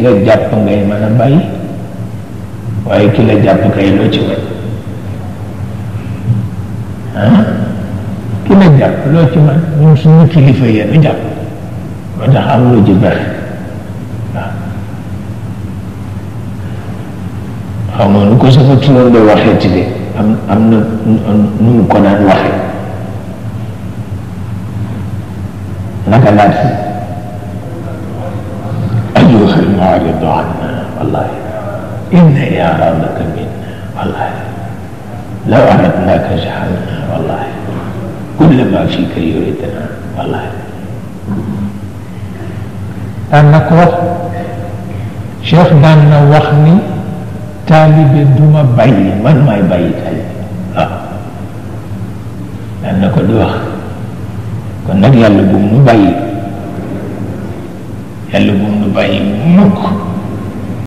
ki la jàpp ngay mën a bàyyi waaye ki la jàpp kay loo ci mën ah ki jàpp loo ci mën ñun suñu kilifa yéen jàpp moo tax am lu ji bexe xam nu ko sama tuloon de waxee ci de am am na nu mu ko daan waxee naka laat si أعرض عنا والله إنا إذا منا والله لو أردناك جعلنا والله كل ما فيك يريدنا والله النقوة شيخ دان نوخني تالي بدوما بعيد من ما يبعيد هل آه. لأنك دوخ كنا يلا بوم باي ela bunda bem muco